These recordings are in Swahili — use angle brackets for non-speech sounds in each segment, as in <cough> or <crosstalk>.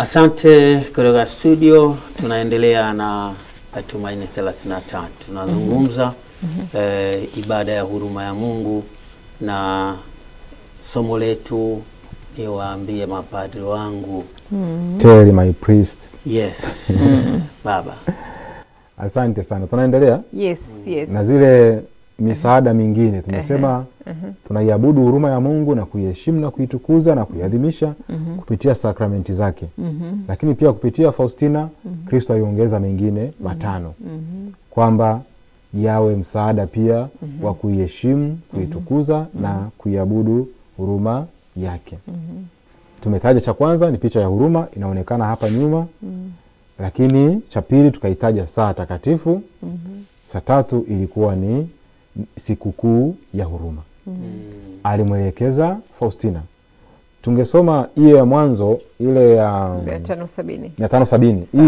Asante kutoka studio. Tunaendelea na Tumaini 33 tunazungumza mm -hmm. eh, ibada ya huruma ya Mungu na somo letu niwaambie mapadri wangu mm -hmm. Tell my priest. Yes. <laughs> Baba, asante sana, tunaendelea yes, yes. na zile misaada mingine tumesema, tunaiabudu huruma ya Mungu na kuiheshimu na kuitukuza na kuiadhimisha mhm. kupitia sakramenti zake, mhm. lakini pia kupitia Faustina mhm. Kristo aliongeza mengine matano kwamba yawe msaada pia wa kuiheshimu, kuitukuza na kuiabudu huruma yake. Tumetaja cha kwanza ni picha ya huruma, inaonekana hapa nyuma, lakini cha pili tukaitaja saa takatifu, cha tatu ilikuwa ni sikukuu ya huruma mm. mm. Alimwelekeza Faustina. Tungesoma hiyo ya mwanzo ile ya mia tano sabini hii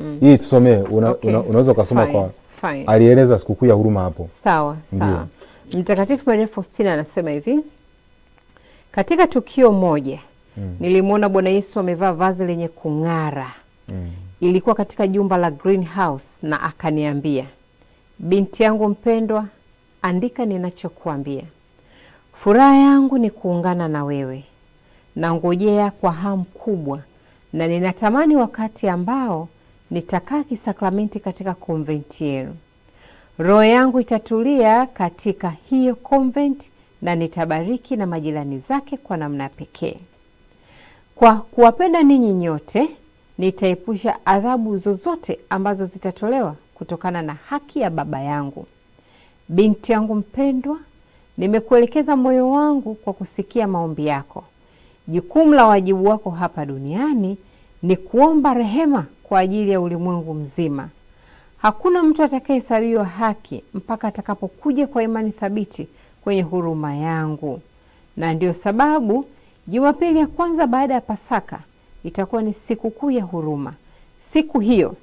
mm. hii tusomee, unaweza ukasoma kwa alieleza sikukuu ya huruma hapo. Sawa sawa. Mtakatifu Maria Faustina anasema hivi: katika tukio moja mm. nilimwona Bwana Yesu amevaa vazi lenye kung'ara mm. Ilikuwa katika jumba la greenhouse na akaniambia, binti yangu mpendwa andika ninachokuambia. Furaha yangu ni kuungana na wewe, nangojea kwa hamu kubwa, na ninatamani wakati ambao nitakaa kisakramenti katika konventi yenu. Roho yangu itatulia katika hiyo konventi na nitabariki na majirani zake kwa namna pekee. Kwa kuwapenda ninyi nyote, nitaepusha adhabu zozote ambazo zitatolewa kutokana na haki ya Baba yangu Binti yangu mpendwa, nimekuelekeza moyo wangu kwa kusikia maombi yako. Jukumu la wajibu wako hapa duniani ni kuomba rehema kwa ajili ya ulimwengu mzima. Hakuna mtu atakayehesabiwa haki mpaka atakapokuja kwa imani thabiti kwenye huruma yangu, na ndiyo sababu Jumapili ya kwanza baada ya Pasaka itakuwa ni sikukuu ya huruma. Siku hiyo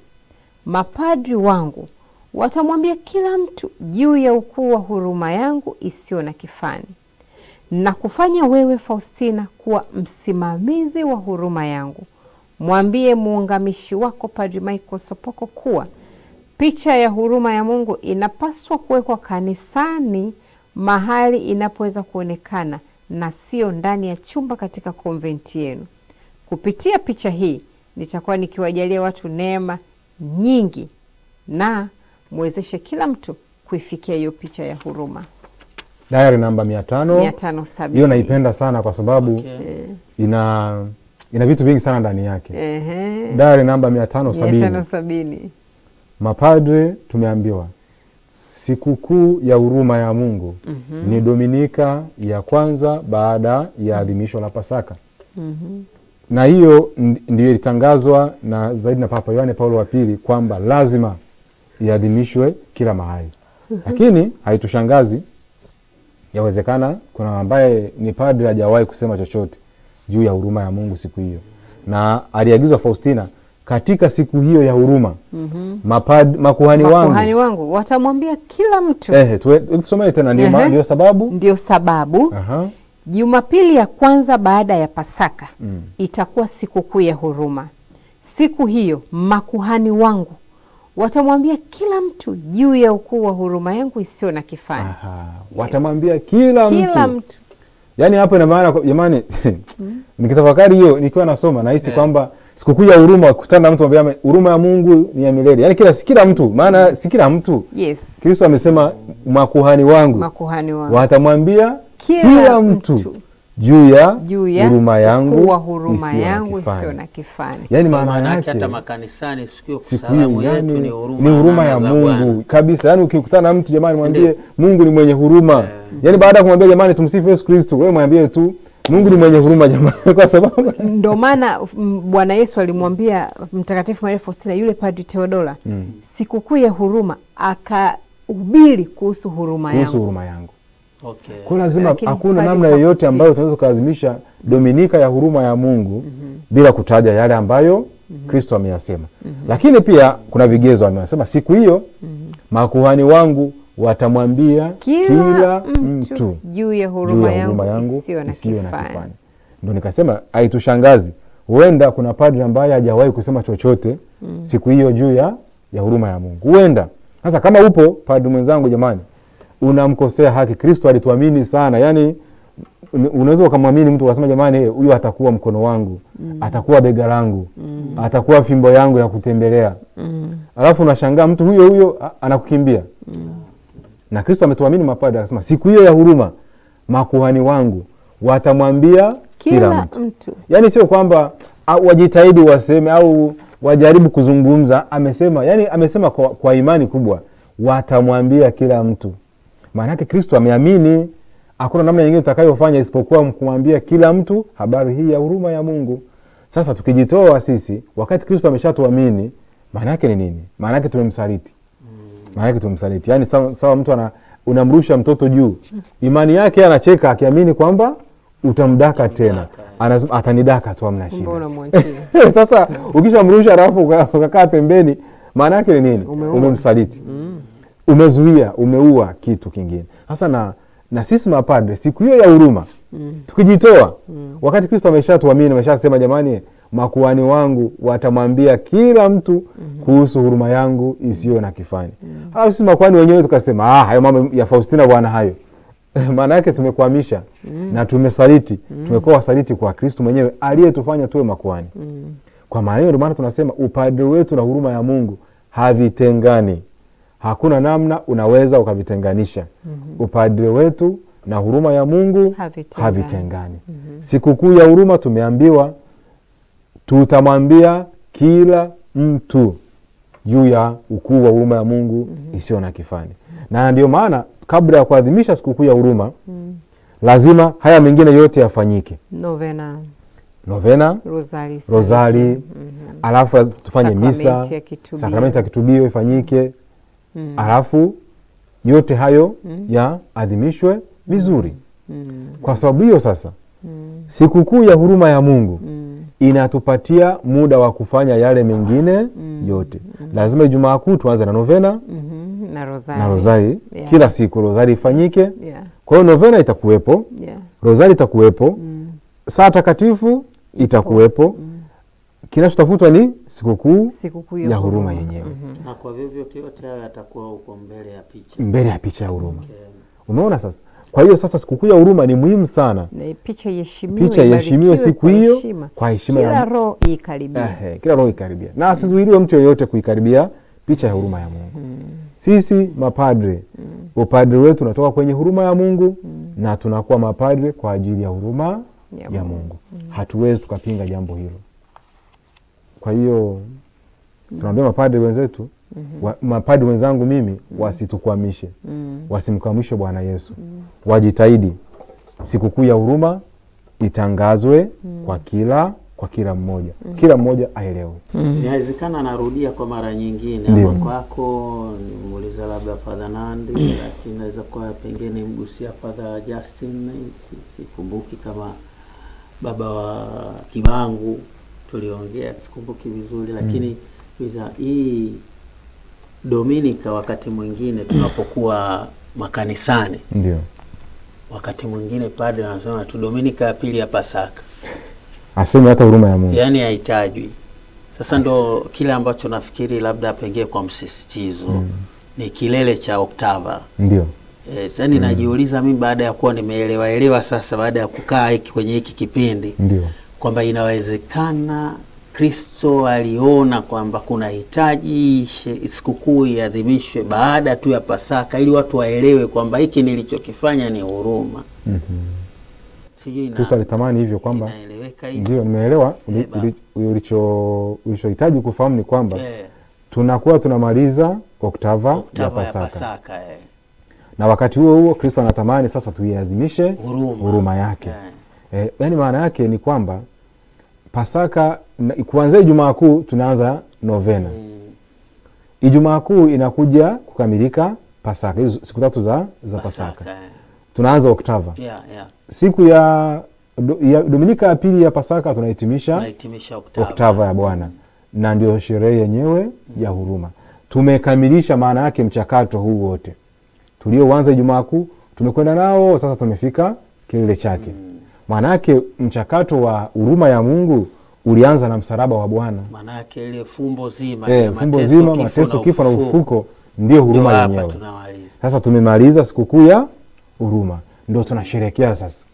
mapadri wangu Watamwambia kila mtu juu ya ukuu wa huruma yangu isiyo na kifani na kufanya wewe Faustina kuwa msimamizi wa huruma yangu. Mwambie muungamishi wako Padri Michael Sopoko kuwa picha ya huruma ya Mungu inapaswa kuwekwa kanisani, mahali inapoweza kuonekana na sio ndani ya chumba katika konventi yenu. Kupitia picha hii nitakuwa nikiwajalia watu neema nyingi na mwezeshe kila mtu kuifikia hiyo picha ya huruma. Dayari namba mia tano Hiyo naipenda sana kwa sababu okay. Eh. ina ina vitu vingi sana ndani yake. Dayari namba mia tano sabini. Mapadre tumeambiwa sikukuu ya huruma ya Mungu mm -hmm. ni Dominika ya kwanza baada ya adhimisho la Pasaka mm -hmm. na hiyo ndiyo ilitangazwa na zaidi na Papa Yohane Paulo wa Pili kwamba lazima iadhimishwe kila mahali, mhm. lakini haitushangazi. Yawezekana kuna ambaye ni padri hajawahi kusema chochote juu ya huruma ya Mungu siku hiyo, na aliagizwa Faustina katika siku hiyo ya huruma mm -hmm. Mapad, makuhani, makuhani wangu, wangu watamwambia kila mtu. eh, tusomee tena ndio sababu, ndio sababu Jumapili ya kwanza baada ya Pasaka mm. itakuwa sikukuu ya huruma. Siku hiyo makuhani wangu watamwambia kila mtu juu ya ukuu wa huruma yangu isiyo na kifani. Aha, watamwambia yes. Kila, kila mtu, mtu. Yaani hapo ina maana jamani, <laughs> mm. <laughs> nikitafakari hiyo nikiwa nasoma nahisi yeah. kwamba sikukuu ya huruma kutana mtu ambaye huruma ya Mungu ni ya milele. Yaani kila kila mtu, maana hmm. si kila mtu. Yes. Kristo amesema makuhani wangu, makuhani wangu watamwambia kila, kila mtu, mtu juu ya huruma yangu huruma yangu sio na kifani. Yani maana yake hata makanisani siku yetu yaani ni huruma ya Mungu kabisa. Yani ukikutana na mtu jamani, mwambie Mungu ni mwenye huruma yeah. Yani baada ya kumwambia jamani, tumsifu Yesu Kristo, wewe mwambie tu Mungu ni mwenye huruma jamani, <laughs> kwa sababu ndio maana Bwana Yesu alimwambia Mtakatifu Maria Faustina, yule Padri Theodora mm. sikukuu ya huruma akahubiri kuhusu huruma yangu, huruma yangu okay. Kwa lazima hakuna namna yoyote ambayo tunaweza kuazimisha Dominika ya huruma ya Mungu mm -hmm. bila kutaja yale ambayo mm -hmm. Kristo ameyasema mm -hmm. lakini pia kuna vigezo amesema, siku hiyo mm -hmm. makuhani wangu watamwambia kila, kila mtu juu ya huruma yangu, yangu isiyo na kifani. Ndio nikasema haitushangazi, huenda kuna padri ambaye hajawahi kusema chochote mm. siku hiyo juu ya huruma ya Mungu, huenda sasa. Kama upo padri mwenzangu, jamani, unamkosea haki. Kristo alituamini sana, yani unaweza ukamwamini mtu ukasema, jamani, huyu atakuwa mkono wangu mm. atakuwa bega langu mm. atakuwa fimbo yangu ya kutembelea mm. alafu unashangaa mtu huyo huyo anakukimbia mm. na Kristo ametuamini mapadre, akasema siku hiyo ya huruma makuhani wangu watamwambia kila, kila mtu, mtu. Yani sio kwamba wajitahidi waseme au wajaribu kuzungumza, amesema yani amesema kwa, kwa imani kubwa watamwambia kila mtu maana yake Kristo ameamini, hakuna namna nyingine utakayofanya isipokuwa kumwambia kila mtu habari hii ya huruma ya Mungu. Sasa tukijitoa sisi, wakati Kristo ameshatuamini, maana yake ni nini? Maana yake tumemsaliti. Mm. Maana yake tumemsaliti, yaani sawa, sawa mtu ana, unamrusha mtoto juu, imani yake anacheka akiamini kwamba utamdaka tena Anasema, atanidaka tu amna shida. <laughs> Sasa ukishamrusha alafu ukakaa pembeni, maana yake ni nini? Umemsaliti. mm umezuia, umeua kitu kingine. Sasa na na sisi mapadre siku hiyo ya huruma mm. tukijitoa mm. wakati Kristo ameshatuamini ameshasema, jamani, makuani wangu watamwambia kila mtu mm -hmm. kuhusu huruma yangu isiyo na kifani mm. au sisi makuani wenyewe tukasema, ah, hayo mambo ya Faustina bwana hayo <laughs> maana yake tumekwamisha mm. na tumesaliti mm. tumekuwa wasaliti kwa Kristo mwenyewe aliyetufanya tuwe makuani mm. kwa maana hiyo, ndio maana tunasema upadre wetu na huruma ya Mungu havitengani. mm hakuna namna unaweza ukavitenganisha. mm -hmm. Upadre wetu na huruma ya Mungu havitengani. mm -hmm. Sikukuu ya huruma tumeambiwa tutamwambia kila mtu juu ya ukuu wa huruma ya Mungu mm -hmm. isiyo na kifani. mm -hmm. Na ndio maana kabla ya kuadhimisha sikukuu ya huruma mm -hmm. lazima haya mengine yote yafanyike, novena novena rosari, rosari. Mm -hmm. Alafu tufanye misa, sakramenti ya kitubio ifanyike mm. alafu yote hayo mm. yaadhimishwe vizuri mm. kwa sababu hiyo sasa mm. sikukuu ya huruma ya Mungu mm. inatupatia muda wa kufanya yale mengine mm. yote mm. lazima Ijumaa Kuu tuanze na novena mm -hmm. na rozari, na rozari. Yeah. kila siku rozari ifanyike yeah. kwa hiyo novena itakuwepo yeah. rozari itakuwepo mm. saa takatifu itakuwepo mm kinachotafutwa ni sikukuu siku ya huruma yenyewe mm -hmm. Ah, na kwa vyovyote yote haya yatakuwa huko mbele ya picha, mbele ya picha ya huruma okay. Unaona sasa. Kwa hiyo sasa sikukuu ya huruma ni muhimu sana, picha iheshimiwe siku hiyo kwa heshima, kila roho ikaribia na mm. asizuiliwe mtu yoyote kuikaribia picha ya huruma ya Mungu mm. Sisi mapadre mm. upadre wetu unatoka kwenye huruma ya Mungu mm. na tunakuwa mapadre kwa ajili ya huruma ya, ya Mungu, mm. Hatuwezi tukapinga jambo hilo. Kwa hiyo tunaambia mapadri wenzetu mm -hmm. wa, mapadri wenzangu mimi mm -hmm. wasitukwamishe mm -hmm. wasimkwamishe Bwana Yesu mm -hmm. wajitahidi sikukuu ya huruma itangazwe mm -hmm. kwa kila kwa kila mmoja mm -hmm. kila mmoja aelewe. Mhm. Inawezekana mm -hmm. narudia kwa mara nyingine ama kwako nimuuliza labda fadha Nandi mhm. lakini naweza kuwa pengine mgusia fadha Justin, sikumbuki kama baba wa Kibangu tuliongea, sikumbuki vizuri, lakini mm. hii Dominika, wakati mwingine tunapokuwa makanisani, ndio wakati mwingine padre anasema tu Dominika ya pili ya Pasaka, aseme hata huruma ya Mungu, yaani haitajwi. Sasa ndo kile ambacho nafikiri labda pengine kwa msisitizo mm. ni kilele cha oktava ndio. E, sasa ninajiuliza mm. mimi baada ya kuwa nimeelewaelewa sasa, baada ya kukaa hiki kwenye hiki kipindi ndio kwamba inawezekana Kristo aliona kwamba kuna hitaji sikukuu iadhimishwe baada tu ya Pasaka ili watu waelewe kwamba hiki nilichokifanya ni huruma. mm -hmm. Kristo alitamani hivyo kwamba, ndio nimeelewa eh, ulichohitaji kufahamu ni kwamba eh. tunakuwa tunamaliza Oktava, Oktava ya Pasaka, ya Pasaka eh. na wakati huo huo Kristo anatamani sasa tuiazimishe huruma yake Eh, yani maana yake ni kwamba Pasaka kuanzia Ijumaa Kuu tunaanza novena mm. Ijumaa Kuu inakuja kukamilika Pasaka, hizo siku tatu za, za Pasaka, Pasaka. Tunaanza Oktava yeah, yeah. Siku ya, ya Dominika ya pili ya Pasaka tunahitimisha Oktava ya Bwana mm. na ndio sherehe yenyewe mm. ya huruma. Tumekamilisha maana yake mchakato huu wote tulioanza Ijumaa Kuu tumekwenda nao, sasa tumefika kilele chake mm. Maanake mchakato wa huruma ya Mungu ulianza na msalaba wa Bwana. Maanake ile fumbo zima, e, fumbo zima, mateso, kifo na ufufuko ndio huruma yenyewe. Sasa tumemaliza sikukuu ya huruma, ndio tunasherehekea sasa.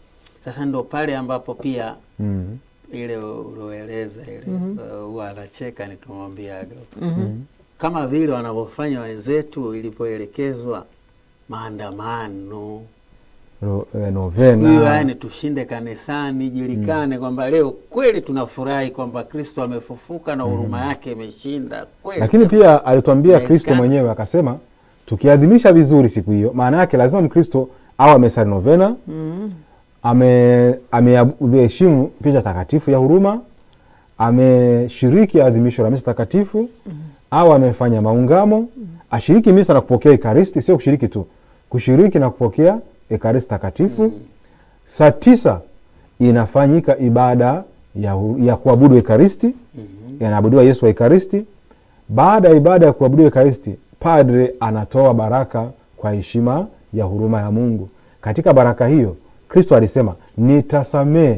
Sasa ndio pale ambapo pia mm -hmm. ile ulioeleza ile mhm. uh, mhm. mm huwa -hmm. uh, anacheka nikimwambiaga mm -hmm. kama vile wanavyofanya wenzetu ilipoelekezwa maandamano Eh, yani tushinde kanisani, ijulikane mm. kwamba leo kweli tunafurahi kwamba Kristo amefufuka na huruma mm. yake imeshinda kweli. Lakini pia alituambia Kristo mwenyewe akasema, tukiadhimisha vizuri siku hiyo, maana yake lazima mkristo au amesali novena mm. ameheshimu ame picha takatifu ya huruma, ameshiriki adhimisho la misa takatifu mm. au amefanya maungamo mm. ashiriki misa na kupokea Ekaristi, sio kushiriki tu, kushiriki na kupokea Ekaristi Takatifu mm. Saa tisa inafanyika ibada ya, ya kuabudu Ekaristi mm -hmm. Yanaabudiwa Yesu wa Ekaristi. Baada ya ibada ya kuabudu Ekaristi, padre anatoa baraka kwa heshima ya huruma ya Mungu. Katika baraka hiyo Kristo alisema nitasamee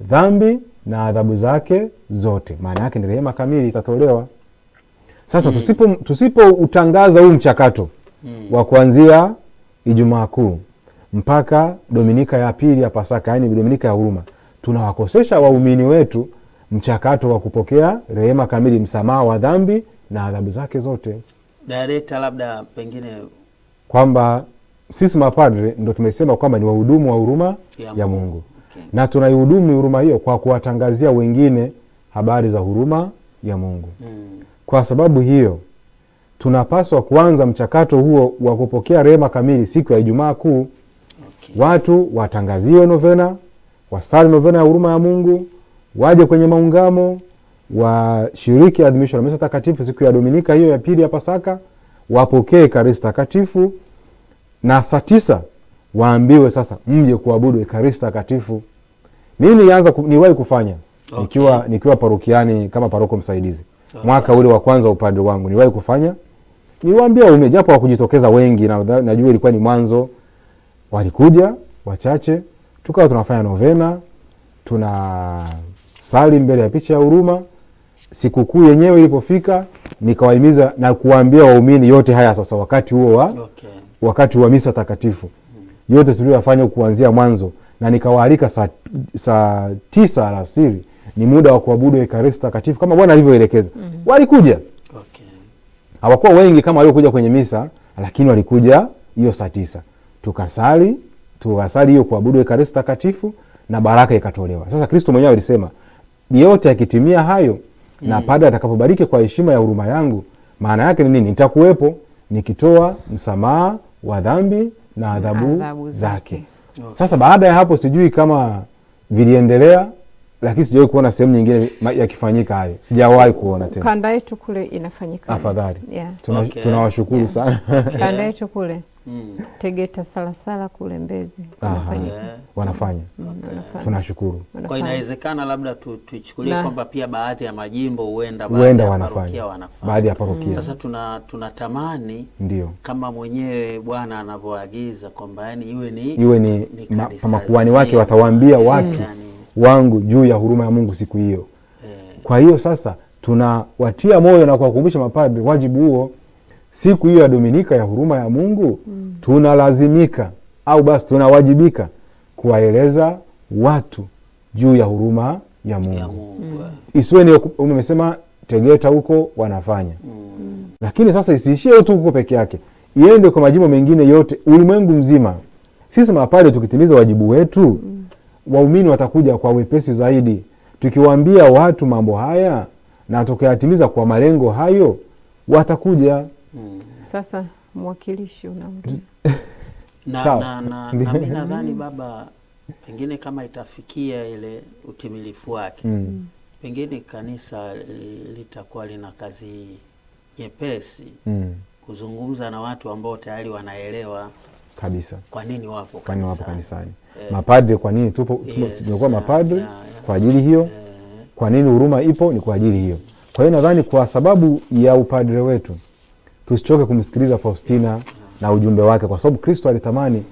dhambi na adhabu zake zote. Maana yake ni rehema kamili itatolewa. Sasa mm. tusipoutangaza tusipo huu mchakato mm. wa kuanzia Ijumaa Kuu mpaka dominika ya pili ya Pasaka, yaani dominika ya huruma, tunawakosesha waumini wetu mchakato wa kupokea rehema kamili, msamaha wa dhambi na adhabu zake zote Dareta, labda pengine kwamba sisi mapadre ndo tumesema kwamba ni wahudumu wa huruma ya, ya Mungu okay. Na tunaihudumu huruma hiyo kwa kuwatangazia wengine habari za huruma ya Mungu hmm. Kwa sababu hiyo tunapaswa kuanza mchakato huo wa kupokea rehema kamili siku ya Ijumaa Kuu okay. Watu watangaziwe novena, wasali novena ya huruma ya Mungu, waje kwenye maungamo, washiriki adhimisho la misa takatifu siku ya Dominika hiyo ya pili ya Pasaka, wapokee Ekaristi takatifu na saa tisa waambiwe sasa mje kuabudu Ekaristi takatifu. Mimi nilianza niwahi kufanya okay. nikiwa nikiwa parokiani kama paroko msaidizi okay. Ah. mwaka ule wa kwanza upande wangu niwahi kufanya, niwaambia ume japo wakujitokeza wengi na, najua ilikuwa ni mwanzo walikuja wachache, tukawa tunafanya novena, tuna sali mbele ya picha ya huruma. Sikukuu yenyewe ilipofika, nikawahimiza na kuwaambia waumini yote haya sasa, wakati huo wa okay. wakati wa misa takatifu yote tuliyoyafanya kuanzia mwanzo, na nikawaalika saa saa tisa alasiri ni muda wa kuabudu Ekaristi takatifu kama Bwana alivyoelekeza. mm -hmm. Walikuja okay. hawakuwa wengi kama waliokuja kwenye misa, lakini walikuja hiyo saa tisa tukasali tukasali hiyo kuabudu Ekaristi takatifu na baraka ikatolewa. Sasa Kristo mwenyewe alisema yote akitimia hayo mm. na padre atakapobariki kwa heshima ya huruma yangu, maana yake ni nini? Nitakuwepo nikitoa msamaha wa dhambi na adhabu zake. Okay. Oh. Sasa baada ya hapo sijui kama viliendelea, lakini sijawai kuona sehemu nyingine yakifanyika hayo, sijawahi kuona tena. Kanda yetu kule inafanyika afadhali. yeah. Tunawashukuru okay. tuna yeah. sana kanda <laughs> yetu kule mm. Tegeta Salasala kule Mbezi wanafanya, yeah. wanafanya. Mm, okay. Tunashukuru kwa inawezekana, labda tuichukulie tu kwamba pia baadhi ya majimbo huenda baadhi ya parokia wanafanya baadhi ya parokia. Mm. Sasa tuna tunatamani ndio kama mwenyewe Bwana anavyoagiza kwamba yani iwe ni iwe ni makuhani wake watawaambia mm. watu yani, wangu juu ya huruma ya Mungu siku hiyo. Eh. Kwa hiyo sasa tunawatia moyo na kuwakumbusha mapadri wajibu huo siku hiyo ya Dominika ya huruma ya Mungu mm. tunalazimika au basi tunawajibika kuwaeleza watu juu ya huruma ya Mungu, Mm. Isiwe ni umesema Tegeta huko wanafanya mm. mm. Lakini sasa isiishie tu huko peke yake, iende kwa majimbo mengine yote ulimwengu mzima. Sisi mapadre tukitimiza wajibu wetu mm. waumini watakuja kwa wepesi zaidi, tukiwaambia watu mambo haya na tukayatimiza kwa malengo hayo watakuja mm. Sasa mwakilishi mtu mm. na, na, na, na mimi nadhani baba, pengine kama itafikia ile utimilifu wake mm. mm. pengine kanisa litakuwa lina kazi nyepesi mm. kuzungumza na watu ambao tayari wanaelewa kabisa kwa nini wapo kanisani, wapo kanisani. Eh. mapadre kwa nini tupo tumekuwa mapadre yeah, yeah. kwa ajili hiyo eh. kwa nini huruma ipo ni kwa ajili hiyo. Kwa hiyo nadhani kwa sababu ya upadre wetu tusichoke kumsikiliza Faustina na ujumbe wake, kwa sababu Kristo alitamani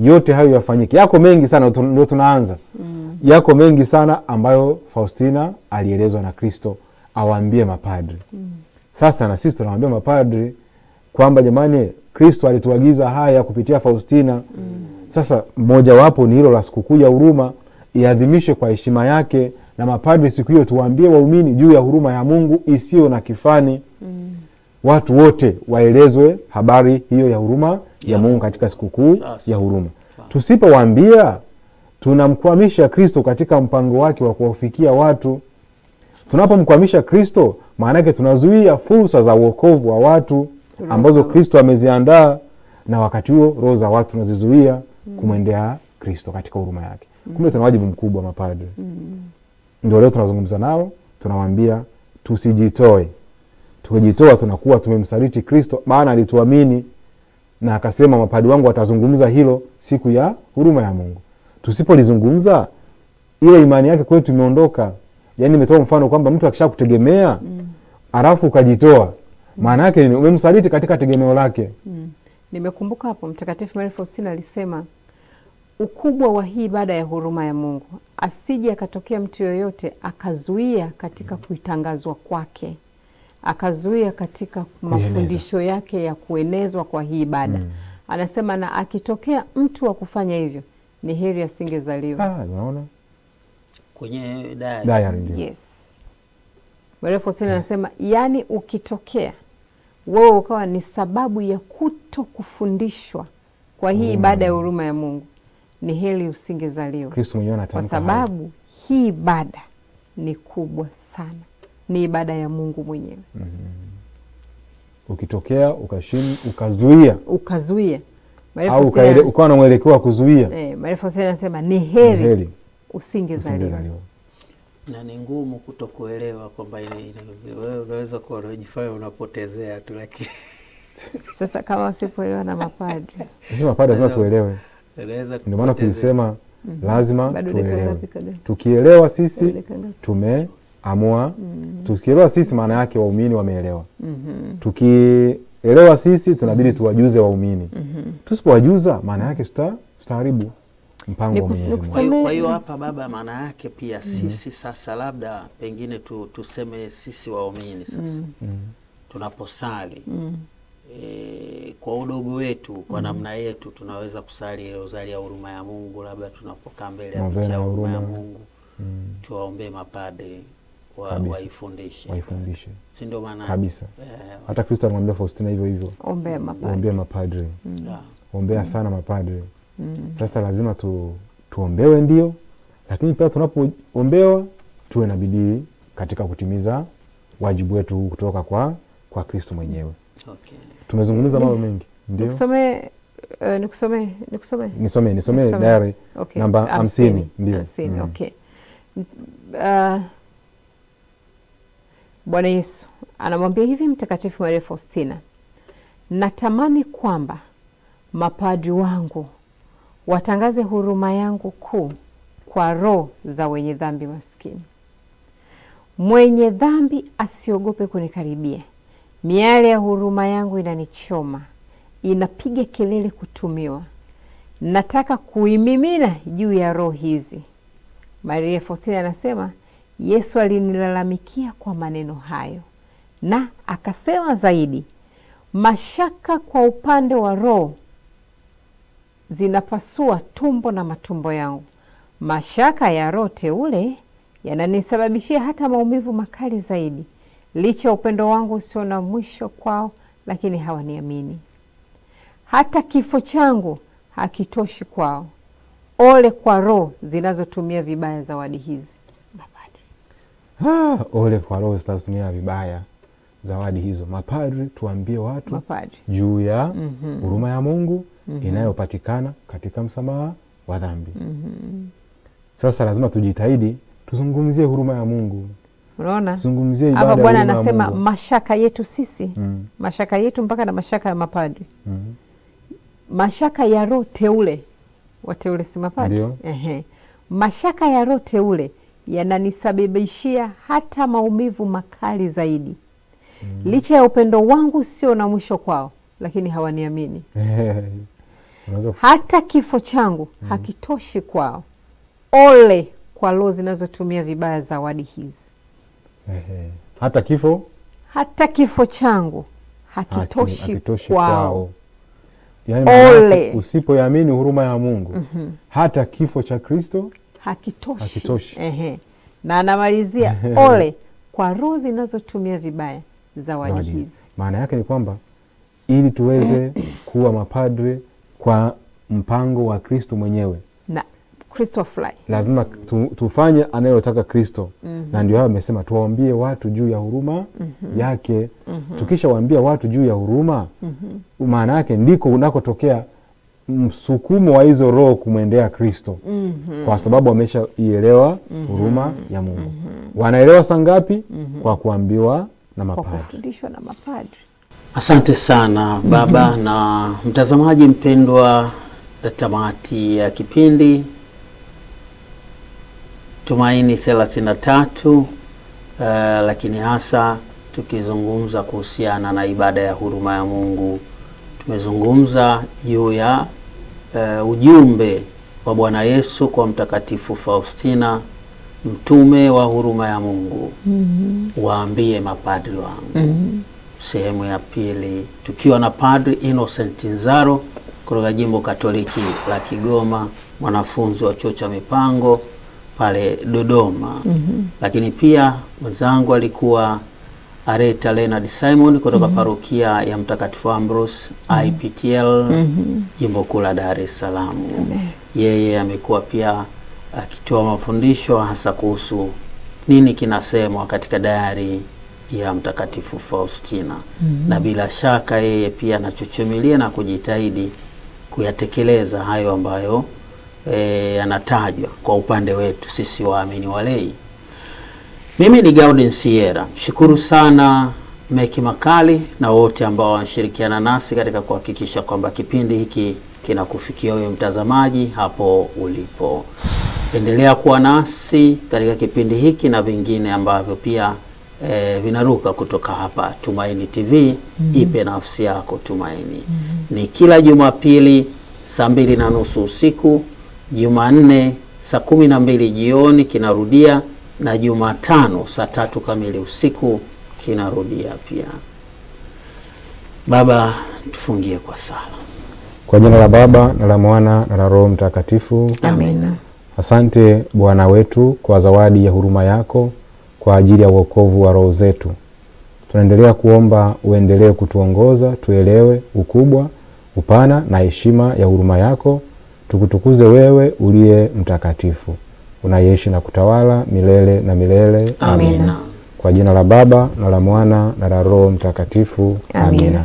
yote hayo yafanyike. Yako mengi sana ndio tunaanza mm. yako mengi sana ambayo Faustina alielezwa na Kristo awaambie mapadri mm. Sasa na sisi tunawaambia mapadri kwamba jamani, Kristo alituagiza haya kupitia Faustina mm. Sasa mojawapo ni hilo la sikukuu ya huruma iadhimishwe kwa heshima yake, na mapadri siku hiyo tuwaambie waumini juu ya huruma ya Mungu isiyo na kifani watu wote waelezwe habari hiyo ya huruma ya, ya Mungu katika sikukuu ya huruma. Tusipowaambia tunamkwamisha Kristo katika mpango wake wa kuwafikia watu. Tunapomkwamisha Kristo, maana yake tunazuia fursa za uokovu wa watu ambazo Kristo ameziandaa, na wakati huo roho za watu tunazizuia kumwendea Kristo katika huruma yake. Kumbe tuna wajibu mkubwa mapadre. Mm. Ndio leo tunazungumza nao, tunawaambia tusijitoe tukijitoa tunakuwa tumemsaliti Kristo, maana alituamini na akasema mapadi wangu watazungumza hilo siku ya huruma ya Mungu. Tusipolizungumza, ile imani yake kwetu imeondoka. Yani imetoa mfano kwamba mtu kutegemea mm. alafu ukajitoa, maana yake ni umemsaliti katika tegemeo lake mm. Nimekumbuka hapo Mtakatifu Mary alisema ukubwa wa hii baada ya huruma ya Mungu, asije akatokea mtu yoyote akazuia katika kutangazwa kwake akazuia katika mafundisho yake ya kuenezwa kwa hii ibada mm. Anasema na akitokea mtu wa kufanya hivyo ni heri asingezaliwa. Ah, unaona kwenye diary Yes, Marefu Hussein anasema yeah. Yani ukitokea wewe ukawa ni sababu ya kuto kufundishwa kwa hii mm. ibada ya huruma ya Mungu ni heri usingezaliwa, kwa sababu hii ibada ni kubwa sana ni ibada ya Mungu mwenyewe mm -hmm. Ukitokea ukashin, ukazuia ukazuia au ukawa na mwelekeo wa kuzuia eh, marefu sana anasema ni heri, heri. usingezaliwa na ni ngumu kutokuelewa kwamba unaweza kuwa unajifanya unapotezea tu, lakini <laughs> sasa kama usipoelewa na mapadri sasa mapadri lazima tuelewe, ndio maana tulisema mhm. lazima tuelewe. Tukielewa sisi tume amua mm -hmm. Tukielewa sisi maana yake waumini wameelewa mm -hmm. Tukielewa sisi tunabidi mm-hmm. tuwajuze waumini mm -hmm. Tusipowajuza maana yake tutaharibu mpango wa Mungu. Kwa hiyo hapa baba, maana yake pia mm -hmm. sisi sasa labda pengine tu, tuseme sisi waumini sasa mm -hmm. tunaposali mm -hmm. e, kwa udogo wetu kwa mm -hmm. namna yetu tunaweza kusali rozari ya huruma ya Mungu, labda tunapokaa mbele ya picha ya huruma ya Mungu mm -hmm. tuwaombee mapadre waifundishe waifundishe, si ndio maana kabisa. Eh, Hata Kristo alimwambia Faustina hivyo hivyo, ombea mapadre, ombea mapadre, mm. ah. ombea mm. sana mapadre. Mm. Sasa lazima tu, tuombewe ndio, lakini pia tunapoombewa tuwe na bidii katika kutimiza wajibu wetu kutoka kwa kwa Kristo mwenyewe. Okay. Tumezungumza mambo mengi, ndio nikusomee eh, nikusomee nikusomee nisomee diary namba hamsini, ndio okay. Ah, Bwana Yesu anamwambia hivi Mtakatifu Maria Faustina, natamani kwamba mapadri wangu watangaze huruma yangu kuu kwa roho za wenye dhambi maskini. Mwenye dhambi asiogope kunikaribia, miale ya huruma yangu inanichoma, inapiga kelele kutumiwa. Nataka kuimimina juu ya roho hizi. Maria Faustina anasema Yesu alinilalamikia kwa maneno hayo, na akasema zaidi, mashaka kwa upande wa roho zinapasua tumbo na matumbo yangu. Mashaka ya roho teule yananisababishia hata maumivu makali zaidi, licha ya upendo wangu usio na mwisho kwao, lakini hawaniamini. Hata kifo changu hakitoshi kwao. Ole kwa roho zinazotumia vibaya zawadi hizi. Ah, ole kwa roho vibaya zawadi hizo. Mapadri, tuambie watu mapadri, juu ya mhm. huruma mm -hmm. ya Mungu mm -hmm. inayopatikana katika msamaha wa dhambi mm -hmm. Sasa lazima tujitahidi tuzungumzie huruma ya Mungu. Unaona, tuzungumzie ibada hapa. Bwana anasema mashaka yetu sisi mm. mashaka yetu mpaka na mashaka ya mapadri mm -hmm. mashaka ya roho teule, wateule si mapadri, ehe, mashaka ya roho teule yananisababishia hata maumivu makali zaidi. Mm. Licha ya upendo wangu sio na mwisho kwao, lakini hawaniamini. <laughs> hata kifo changu mm. hakitoshi kwao. Ole kwa loo zinazotumia vibaya zawadi hizi. hata kifo hata kifo changu hakitoshi, hakitoshi kwao, kwao. Yani, usipoamini huruma ya Mungu mm -hmm. hata kifo cha Kristo hakitoshi, hakitoshi. Ehe. Na anamalizia <laughs> ole kwa roho zinazotumia vibaya zawadi hizi. Maana yake ni kwamba ili tuweze <clears throat> kuwa mapadre kwa mpango wa Kristo mwenyewe na Kristo fly, lazima tu, tufanye anayotaka Kristo mm -hmm. Na ndio hayo amesema tuwaambie watu juu ya huruma mm -hmm. yake mm -hmm. Tukishawaambia watu juu ya huruma mm -hmm. Maana yake ndiko unakotokea msukumo wa hizo roho kumwendea Kristo mm -hmm. kwa sababu wameshaielewa mhm. huruma mm -hmm. ya Mungu mm -hmm. wanaelewa sangapi? mm -hmm. kwa kuambiwa na mapadri. na mapadri. Asante sana baba mm -hmm. na mtazamaji mpendwa, tamati ya kipindi Tumaini 33 uh, eh, lakini hasa tukizungumza kuhusiana na ibada ya huruma ya Mungu tumezungumza juu ya uh, ujumbe wa Bwana Yesu kwa Mtakatifu Faustina mtume wa huruma ya Mungu. mm -hmm. Waambie mapadri wangu. mm -hmm. Sehemu ya pili tukiwa na Padri Innocent Nzaro kutoka jimbo Katoliki la Kigoma, mwanafunzi wa chuo cha mipango pale Dodoma. mm -hmm. Lakini pia mwenzangu alikuwa Areta Leonard Simon kutoka mm -hmm. parokia ya Mtakatifu Ambrose mm -hmm. IPTL mhm. jimbo mm -hmm. kuu la Dar es Salaam. Yeye amekuwa pia akitoa mafundisho hasa kuhusu nini kinasemwa katika dayari ya Mtakatifu Faustina mm -hmm. na bila shaka yeye pia anachuchumilia na kujitahidi kuyatekeleza hayo ambayo eh, yanatajwa e, kwa upande wetu sisi waamini walei mimi ni Gaudin Sierra. Shukuru sana Meki Makali na wote ambao wanashirikiana nasi katika kuhakikisha kwamba kipindi hiki kinakufikia wewe mtazamaji hapo ulipo. Endelea kuwa nasi katika kipindi hiki na vingine ambavyo pia e, vinaruka kutoka hapa Tumaini TV. mm -hmm. Ipe nafsi yako tumaini. mm -hmm. Ni kila Jumapili saa mbili na nusu usiku, Jumanne saa kumi na mbili jioni kinarudia na Jumatano saa tatu kamili usiku kinarudia pia. Baba, tufungie kwa sala. Kwa jina la Baba na la Mwana na la Roho Mtakatifu, amina. Asante Bwana wetu kwa zawadi ya huruma yako kwa ajili ya uokovu wa roho zetu. Tunaendelea kuomba uendelee kutuongoza tuelewe ukubwa, upana na heshima ya huruma yako. Tukutukuze wewe uliye mtakatifu unayeishi na kutawala milele na milele. Amina. Amina. Kwa jina la Baba na la Mwana na la Roho Mtakatifu. Amina. Amina.